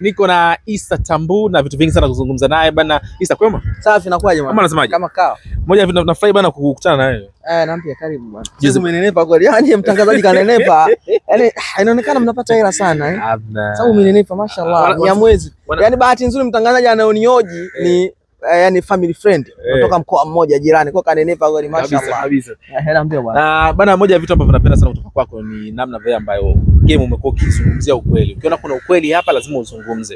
Niko na Isa Tambu na vitu vingi sana kuzungumza naye bana. Isa, kwema? Safi, nakuaje bwana? Kama nasemaje? Kama kawa. Moja vitu nafurahi bana kukutana na wewe. Eh, na mpia karibu bwana. Juzi umenenepa kweli. Yaani mtangazaji kanenepa. Yaani inaonekana mnapata hela sana eh. Sababu umenenepa mashallah. Ya mwezi. Yaani bahati nzuri mtangazaji anaonioji eh. ni eh, yani family friend eh. kutoka mkoa mmoja jirani kwa kanenepa kweli mashaallah. Kabisa kabisa. na mpia bwana. Ah, bana moja vitu ambavyo napenda sana kutoka kwako ni namna vile ambayo game umekuwa ukizungumzia ukweli. Ukiona kuna ukweli hapa lazima uzungumze.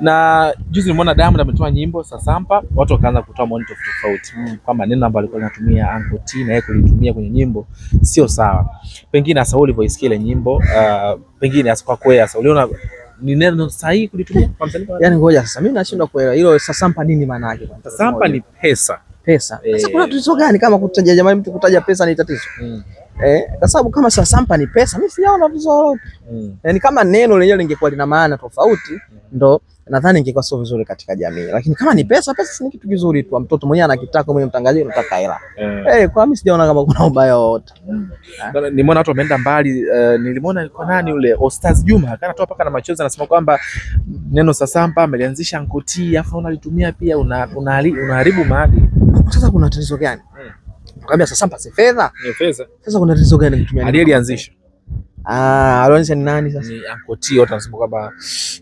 Na juzi nimeona Diamond ametoa nyimbo Sasampa, watu wakaanza kutoa maoni tofauti tofauti mm. kwamba neno ambalo alikuwa anatumia Uncle T na yeye kulitumia kwenye nyimbo sio sawa. Pengine hasa ulivyoisikia ile nyimbo uh, pengine hasa kwa kweli hasa uliona ni neno sahihi kulitumia kwa msanii? Yaani ngoja sasa mimi nashindwa kuelewa hilo Sasampa nini maana yake? Sasampa ni pesa. Pesa. Sasa eh. kuna tatizo gani kama kutaja jamani mtu kutaja pesa ni tatizo? Mm. Eh, kwa sababu kama sasa Sampa ni pesa, mimi sijaona tatizo lolote. Mm. Yaani kama neno lenyewe lingekuwa lina maana tofauti, mm, ndo nadhani ingekuwa sio vizuri katika jamii. Lakini kama ni pesa, pesa ni kitu kizuri tu. Mtoto mwenyewe anakitaka, mwenye mtangazaji anataka hela. Mm. Eh, kwa mimi sijaona kama kuna ubaya wote. Mm. Nimeona watu wameenda mbali, uh, nilimwona alikuwa nani yule Ostaz Juma, toa paka na machozi anasema kwamba neno sasa Sampa amelianzisha Nkoti, afa unalitumia pia unaharibu una, una, una maadili. Sasa kuna tatizo gani? Mm. Nikamwambia sasa mpase fedha. Ni fedha. Sasa kuna tatizo gani nikitumia? Alianzisha. Ah, alianzisha ni nani sasa? Ni Uncle T wote wanasema kwamba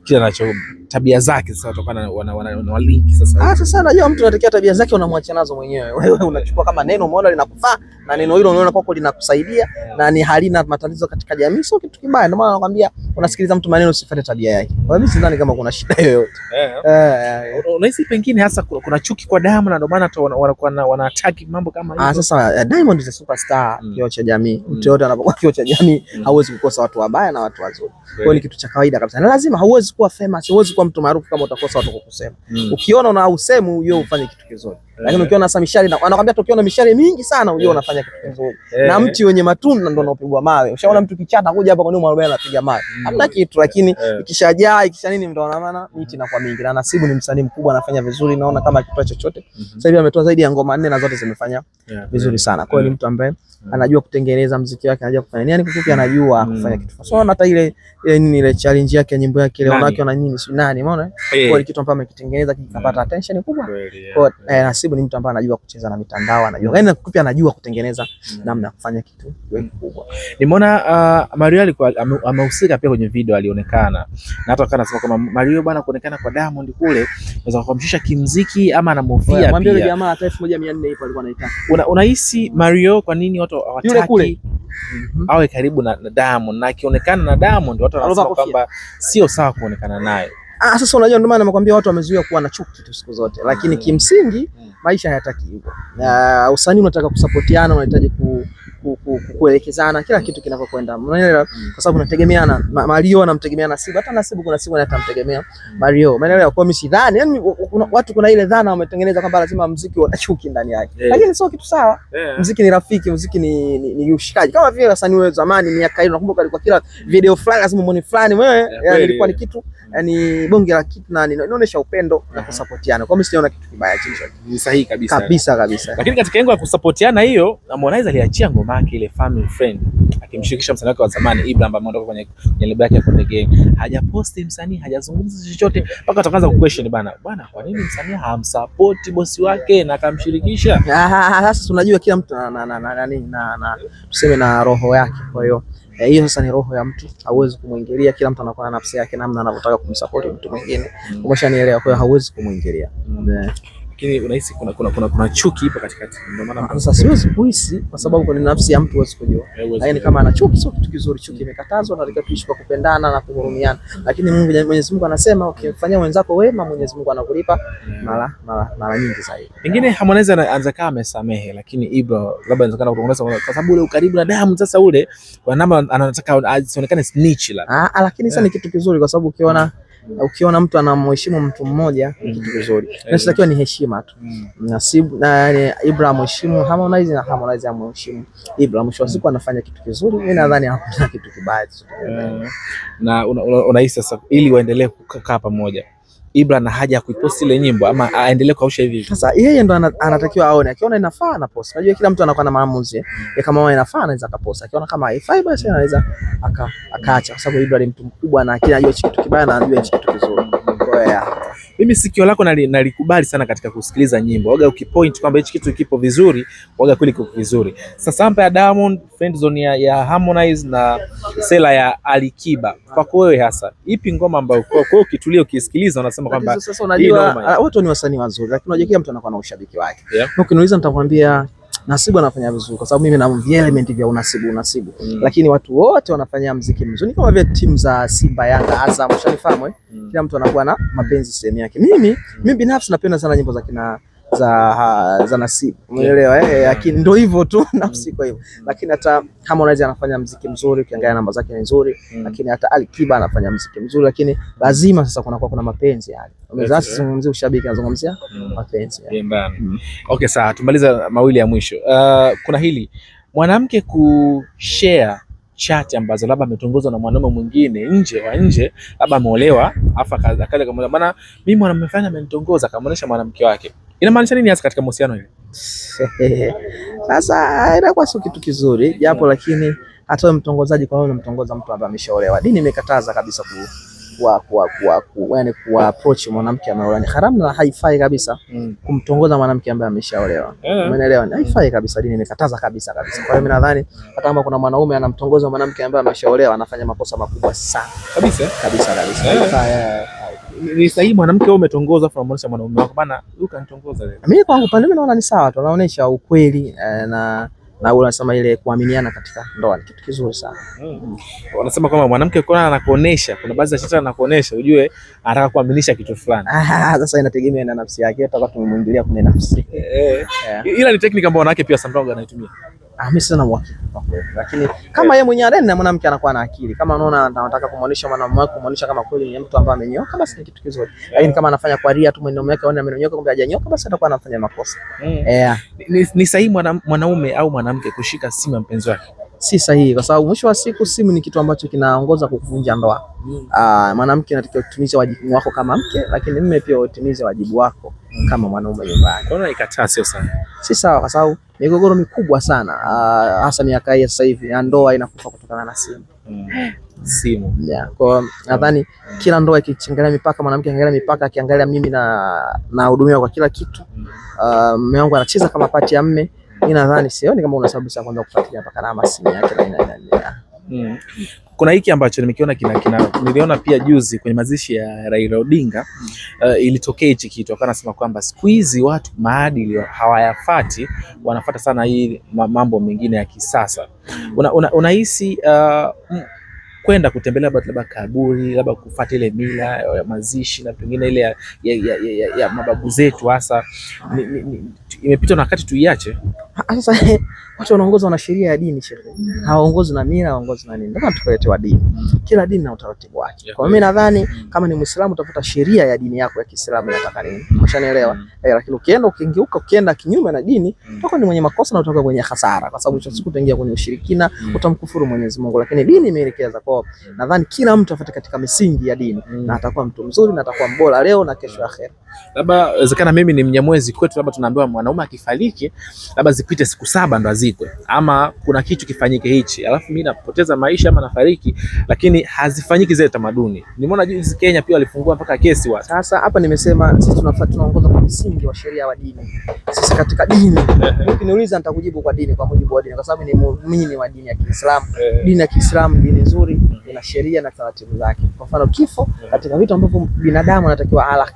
kila anacho tabia zake sasa kutokana na wana link sasa. Ah, sasa najua mtu anatekea tabia zake unamwacha nazo mwenyewe. Wewe unachukua kama neno umeona linakufaa na neno hilo unaona kwako linakusaidia na ni halina matatizo katika jamii, sio kitu kibaya. Ndio maana nakwambia unasikiliza mtu maneno, usifuate tabia yake. Kwa hiyo sidhani kama kuna shida yoyote. Eh. Eh, eh, unahisi pengine hasa kuna chuki kwa Diamond, ndio maana wanakuwa wana attack mambo kama hiyo. Ah, sasa Diamond is a superstar, mm. kioo cha jamii. Mtu mm. yote anapokuwa kioo cha jamii mm. hauwezi kukosa watu wabaya na watu wazuri. Kwa hiyo ni kitu cha kawaida kabisa, na lazima, hauwezi kuwa famous, hauwezi kuwa mtu maarufu kama utakosa watu kukusema. Ukiona una usemu, hiyo ufanye kitu kizuri lakini eh. ukiona sasa mishale na anakuambia tukiona na mishale mingi sana unajua eh. unafanya kitu kizuri. Eh. Na mti wenye matunda ndio unaopigwa mawe. Ushaona mtu kichata kuja hapa kwa nini mwarobaini anapiga mawe? Mm. Hamna kitu, lakini ikishajaa ikisha nini ndio maana miti inakuwa mingi. Na Nasibu ni msanii mkubwa anafanya vizuri, naona kama kitu chochote. Mhm. Sasa hivi ametoa zaidi ya ngoma nne na zote zimefanya vizuri sana. Kwa hiyo ni mtu ambaye Mm. anajua kutengeneza mziki wake, anajua kufanya nini, kwa kifupi anajua mm. kufanya kitu. fulani So hata ile ile nini ile challenge yake nyimbo yake ile wanawake wana nini si nani, umeona eh. kwa kitu ambacho amekitengeneza kikapata mm. attention kubwa. Kwa eh, Nasibu ni mtu ambaye anajua kucheza na mitandao, anajua yani, kwa kifupi anajua kutengeneza namna ya kufanya kitu kikubwa. Nimeona uh, Mario alikuwa amehusika pia kwenye video, alionekana na hata kana sema kama Mario bwana, kuonekana kwa Diamond kule unaweza kumshusha kimziki ama anamofia pia. Mwambie jamaa hata 1400 hapo alikuwa anaitaka. Unahisi Mario kwa nini watu watu hawataki mhm. awe karibu na, na Diamond na akionekana na Diamond watu wanasema kwamba sio sawa kuonekana naye. Ah, sasa unajua ndio maana nimekwambia watu wamezuia kuwa na chuki tu siku zote, lakini mm. kimsingi mm. maisha hayataki hivyo. Usanii unataka kusapotiana, yaani unahitaji ku kuelekezana kila kitu kinavyokwenda, unaelewa? Kwa sababu tunategemeana. Mario anamtegemea Sibu, hata na Sibu kuna siku atamtegemea Mario, unaelewa? Kwa mimi sidhani, yani watu kuna ile dhana wametengeneza kwamba lazima muziki una chuki ndani yake, eh. lakini sio kitu sawa. Muziki ni rafiki, muziki ni, ni, ushikaji, kama vile wasanii wa zamani miaka ile, nakumbuka alikuwa kila video fulani lazima muone fulani wewe, yani ilikuwa ni kitu yani bonge la kitu, na inaonyesha upendo na uh-huh. kusapotiana. Kwa mimi sijaona kitu kibaya, ni sahihi kabisa kabisa kabisa. Lakini katika lengo ya kusapotiana hiyo, Harmonize aliachia ngoma babake ile family friend akimshirikisha msanii wake wa zamani Ibra ambaye ameondoka kwenye lebo yake ya Konde Gang. Hajaposti msanii, hajazungumza chochote mpaka atakaanza ku question bana, bwana, kwa nini msanii hamsupport bosi wake na akamshirikisha? Ah, ah, ah, sasa tunajua kila mtu na na na na na, tuseme na roho yake, kwa hiyo eh, hiyo sasa ni roho ya mtu, hauwezi kumwingilia. Kila mtu anakuwa na nafsi yake, namna anavyotaka kumsupport mtu mwingine. Mm. Umeshanielewa? Kwa hiyo hauwezi kumwingilia. Mm. Eh. Lakini unahisi kuna, kuna, kuna, kuna chuki ipo katikati. Ndio maana ah, sasa siwezi kuhisi kwa sababu kwa nafsi ya mtu huwezi kujua. Yaani kama ana chuki sio kitu kizuri, chuki imekatazwa na tunatakiwa tuishi kwa kupendana na kuhurumiana. Lakini Mungu, Mwenyezi Mungu anasema ukimfanyia wenzako wema Mwenyezi Mungu anakulipa eh. mara mara mara nyingi zaidi. Pengine Harmonize anaanza kama amesamehe, lakini Ibra labda anataka kutongoza kwa sababu ule ukaribu na damu sasa ule kwa namna anataka asionekane snitch la. Ah, ah, lakini sasa ni eh. kitu kizuri kwa sababu ukiona mm. Ukiona mtu anamheshimu mtu mmoja ni kitu kizuri, mm. nachotakiwa ni heshima tu. Mm. Nasibu na yani Ibra mheshimu Harmonize na Harmonize amheshimu Ibra, mwisho wa siku anafanya kitu kizuri. Mimi nadhani hakuna kitu kibaya. Eh. Na unahisi sasa, ili waendelee kukaa pamoja Ibra na haja ya kuiposti ile nyimbo ama aendelee kuausha hivi hivi? Sasa yeye ndo anatakiwa aone, akiona inafaa na post. Unajua kila mtu anakuwa na maamuzi ya mm. kama inafaa anaweza akapost, akiona kama haifai basi anaweza akaacha, kwa sababu Ibra ni mtu mkubwa na anajua kitu kibaya na anajua kitu kizuri ya Mimi sikio lako nalikubali sana katika kusikiliza nyimbo, waga ukipoint kwamba hichi kitu kipo vizuri, waga kweli kiko vizuri. Sasa hapa ya Diamond, friend zone ya, ya Harmonize na Sela ya Alikiba, Kwa wewe hasa ipi ngoma ambayo kwa kwa ukitulia ukisikiliza unasema kwamba sasa, unajua ah, watu ni wasanii wazuri, lakini unajua kila mtu anakuwa na ushabiki wake, yeah. Ukiniuliza nitakwambia Nasibu anafanya vizuri kwa sababu mimi na element vya unasibu unasibu, mm. lakini watu wote wanafanya mziki mzuri kama vile timu za Simba, Yanga, Azam, ushanifahamu eh? mm. kila mtu anakuwa na mm. mapenzi sehemu yake. Mimi mm. mimi binafsi napenda sana nyimbo za kina za za nasibu, umeelewa? Eh, lakini ndio hivyo tu, nafsi kwa hivyo. Lakini hata Harmonize anafanya mziki mzuri, ukiangalia namba zake ni nzuri, mm. lakini hata Ali Kiba anafanya mziki mzuri, lakini lazima sasa kuna kwa kuna mapenzi yale, umeza umezaa sizungumzia ushabiki, anazungumzia mm. mapenzi yale. yeah, mm. Okay, sawa, tumaliza mawili ya mwisho. Uh, kuna hili mwanamke kushare chati ambazo labda ametongozwa na mwanaume mwingine nje wa nje, labda ameolewa afa kaza kaza, maana mimi mwanaume fulani amenitongoza, akamuonesha mwanamke wake Inamaanisha nini hasa katika mahusiano ile? Sasa inakuwa sio kitu kizuri japo, lakini hata wewe mtongozaji, kwa nini unamtongoza mtu ambaye ameshaolewa? Dini imekataza kabisa ku kwa kwa kwa kuwa yani kuwa approach mwanamke ameolewa ni haramu na haifai kabisa hmm. kumtongoza mwanamke ambaye ameshaolewa eh. Umeelewa? Ni Haifai kabisa, dini imekataza kabisa kabisa. Kwa hiyo mimi nadhani hata kama kuna mwanaume anamtongoza mwanamke ambaye ameshaolewa anafanya makosa makubwa sana kabisa kabisa kabisa. Yeah ni sahihi mwanamke wewe umetongoza afu unamwonyesha mwanaume wako bana, you can tongoza leo. Mimi kwa upande mimi naona ni sawa tu, anaonesha ukweli eh, na na wewe unasema ile kuaminiana katika ndoa ni kitu kizuri sana. Mm. Wanasema kama mwanamke kuna anakuonesha, kuna baadhi ya shetani anakuonesha, ujue anataka kuaminisha kitu fulani. sasa inategemea na nafsi yake, atakuwa kama tumemwingilia kwenye nafsi. Eh. Ila ni technique ambayo wanawake pia sometimes wanaitumia mimi sina uhakika kwa kweli, lakini kama yeye mwenyewe na mwanamke anakuwa na akili, kama anaona anataka kumwonyesha mwanamume wake, kumwonyesha kama kweli ni mtu ambaye amenyoka, basi ni kitu kizuri, lakini kama anafanya kwa ria tu mwenendo wake, aone amenyoka kumbe hajanyoka, basi atakuwa anafanya makosa. Eh, ni sahihi mwanaume au mwanamke kushika simu ya mpenzi wake? si sahihi, kwa sababu mwisho wa siku simu ni kitu ambacho kinaongoza kukuvunja ndoa. Mm. Ah, mwanamke anatakiwa kutimiza wajibu wako kama mke, lakini mume pia utimize wajibu wako mm. kama mwanaume nyumbani. Kwa nini ikataa? Sio sawa, si sawa, kwa sababu migogoro mikubwa sana ah, hasa miaka hii sasa hivi ya ndoa inakufa kutokana na simu mm. simu yeah. Kwa nadhani mm. kila ndoa ikiangalia mipaka, mwanamke angalia mipaka, akiangalia mimi na nahudumiwa kwa kila kitu, mm. Ah, mume mm. uh, wangu anacheza kama pati ya mme mimi nadhani sioni kama una sababu sana kwanza kufuatilia hapa karama simu yake na inaendelea. Hmm. Kuna hiki ambacho nimekiona kina, kina niliona pia juzi kwenye mazishi ya Raila Odinga uh, ilitokea hichi kitu, akawa anasema kwamba siku hizi watu maadili hawayafati, wanafata sana hii mambo mengine ya kisasa. Unahisi una, una uh, kwenda kutembelea labda kaburi labda kufuata ile mila ya mazishi na pengine ile ya, ya, ya, ya, ya mababu zetu hasa imepita na wakati tuiache. Sasa watu wanaongozwa na sheria ya dini shehe, mm. hawaongozwi na mila, hawaongozwi na nini. Ndio tukaletewa dini, mm. kila dini na utaratibu wake. Kwa mimi nadhani mm. kama ni Muislamu utafuta sheria ya dini yako ya Kiislamu inataka nini, umeshanielewa? Eh, lakini ukienda ukingeuka, ukienda kinyume na dini, utakuwa ni mwenye makosa na utakuwa kwenye hasara, kwa sababu siku utaingia kwenye ushirikina, utamkufuru Mwenyezi Mungu. Lakini dini imeelekeza kwa, nadhani kila mtu afuate katika misingi ya dini na atakuwa mtu mzuri na atakuwa mbora leo na kesho akhera labda wezekana mimi ni Mnyamwezi, kwetu labda tunaambiwa mwanaume akifariki labda zipite siku saba ndo azikwe, ama kuna kitu kifanyike hichi, alafu mimi napoteza maisha ama nafariki, lakini hazifanyiki zile tamaduni. Nimeona juzi Kenya pia walifungua mpaka kesi wa. Sasa hapa nimesema sisi tunafuata tunaongoza kwa msingi wa sheria wa dini. Sisi katika dini ukiniuliza, nitakujibu kwa dini, kwa mujibu wa dini, kwa sababu ni muumini wa dini ya Kiislamu. Dini ya Kiislamu dini nzuri, ina sheria na taratibu zake. Kwa mfano kifo, katika vitu ambavyo binadamu anatakiwa ala,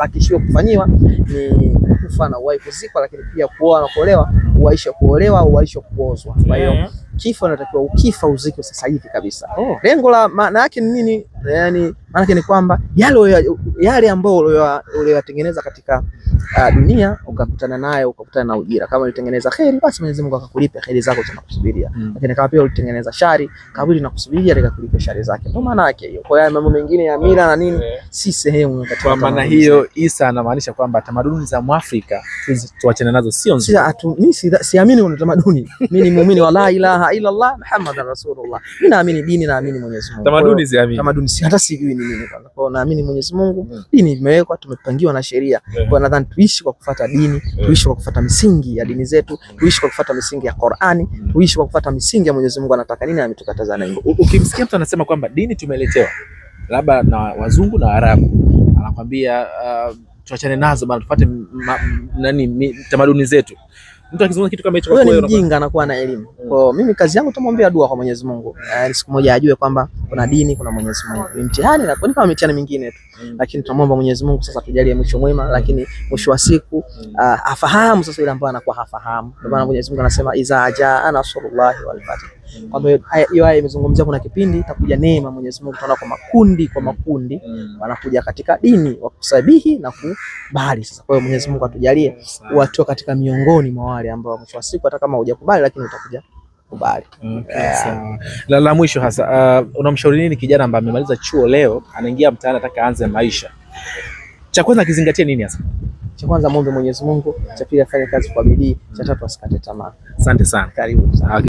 harakishiwe kufanyiwa ni kufa na uwai kuzikwa, lakini pia kuoa na kuolewa, uwaishe kuolewa, uwaishe kuozwa. Kwa hiyo Kifo inatakiwa ukifa uzikwe sasa hivi kabisa. Oh. Lengo la maana yake ni nini? Yani maana yake ni kwamba yale yale ambayo uliyotengeneza katika uh, dunia ukakutana nayo ukakutana na ujira. Kama ulitengeneza kheri, basi Mwenyezi Mungu akakulipa kheri zako zinakusubiria, hmm. lakini kama pia ulitengeneza shari, kaburi linakusubiria likakulipa shari zake. Ndio maana yake hiyo. Kwa hiyo mambo mengine ya mila na nini eh. si sehemu katika. Kwa maana hiyo, Isa anamaanisha kwamba tamaduni za Mwafrika tuachane nazo, sio nzuri. Mimi siamini kuna tamaduni. Mimi ni muumini wa la ilaha illa Allah Muhammadur Rasulullah. Mimi naamini dini, naamini Mwenyezi Mungu. Tamaduni siamini. Tamaduni si hata sijui ni nini kwanza. Kwa hiyo naamini Mwenyezi Mungu, hmm. dini imewekwa, tumepangiwa na sheria. Kwa eh. nadhani tuishi kwa kufata dini, tuishi kwa kufata misingi ya dini zetu, tuishi kwa kufata misingi ya Qur'ani, tuishi kwa kufata misingi ya Mwenyezi Mungu anataka nini na ametukataza nini. Ukimsikia mtu anasema kwamba dini tumeletewa labda na wazungu na Arabu, anakwambia uh, tuachane nazo bana, tupate nani tamaduni zetu mtu akizungumza kitu kama hicho, kwa ni mjinga anakuwa na elimu. Mm. Kwa mimi kazi yangu tumwambia dua kwa Mwenyezi Mungu, eh, siku moja ajue kwamba kuna dini, kuna Mwenyezi Mungu. Ni mtihani na kama mitihani mingine tu, mm. lakini tunamwomba Mwenyezi Mungu sasa tujalie mwisho mwema, lakini mwisho wa siku mm. ah, afahamu sasa yule ambayo anakuwa hafahamu. Ndio maana Mwenyezi Mungu anasema iza jaa nasrullahi wal kwamba hiyo aya imezungumzia kuna kipindi itakuja neema Mwenyezi Mungu kwa makundi kwa makundi mm. wanakuja katika dini wa kusabihi na kubali. Sasa kwa hiyo Mwenyezi Mungu atujalie watu katika miongoni mwa wale ambao mwisho wa siku hata kama hujakubali lakini utakuja kubali. Okay, yeah. La, la mwisho hasa uh, unamshauri nini kijana ambaye amemaliza chuo leo anaingia mtaani ataka aanze maisha? Cha kwanza kizingatie nini hasa? Cha kwanza muombe Mwenyezi Mungu, cha pili afanye kazi kwa bidii, cha tatu asikate tamaa. Asante sana. Karibu sana.